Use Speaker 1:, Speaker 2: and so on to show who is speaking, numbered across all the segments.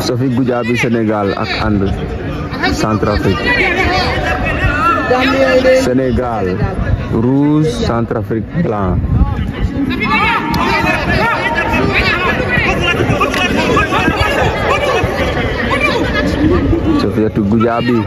Speaker 1: Sofi Goudiaby Senegal ak and Centrafrique Senegal rouge Centrafrique blanc Sofiatou Goudiaby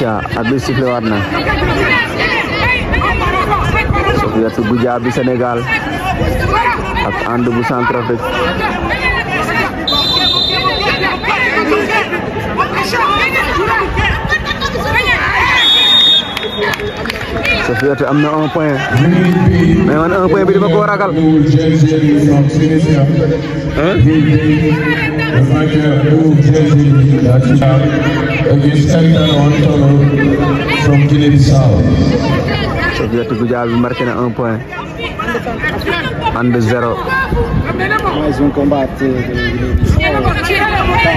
Speaker 1: Kouthia arbitre bi sifflé waat na Sofiatou Goudia bi Sénégal ak ànd bu Centrafrique Sofiatou am na un point mais man un point bi dama ko ragal Sofiatou Goudiaby marqué na un point ànd zéro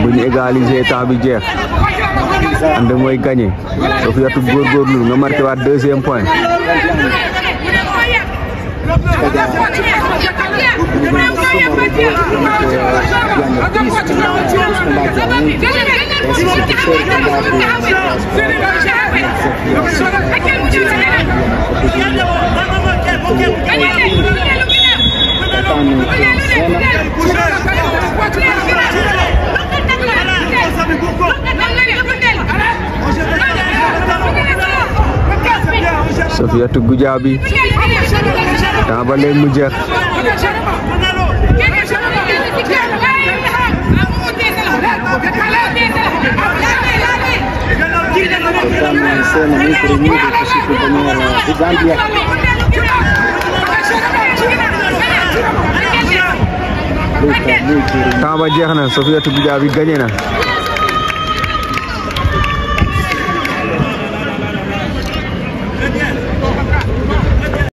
Speaker 1: bu ñu égaliser temps jeex ànd mooy gagné soo fi yatu góorgóorlu nga marqué waat deuxième point Sofia Goudiaby temps ba léegi mu temps ba jeex na Sofiatou Goudiaby gagné na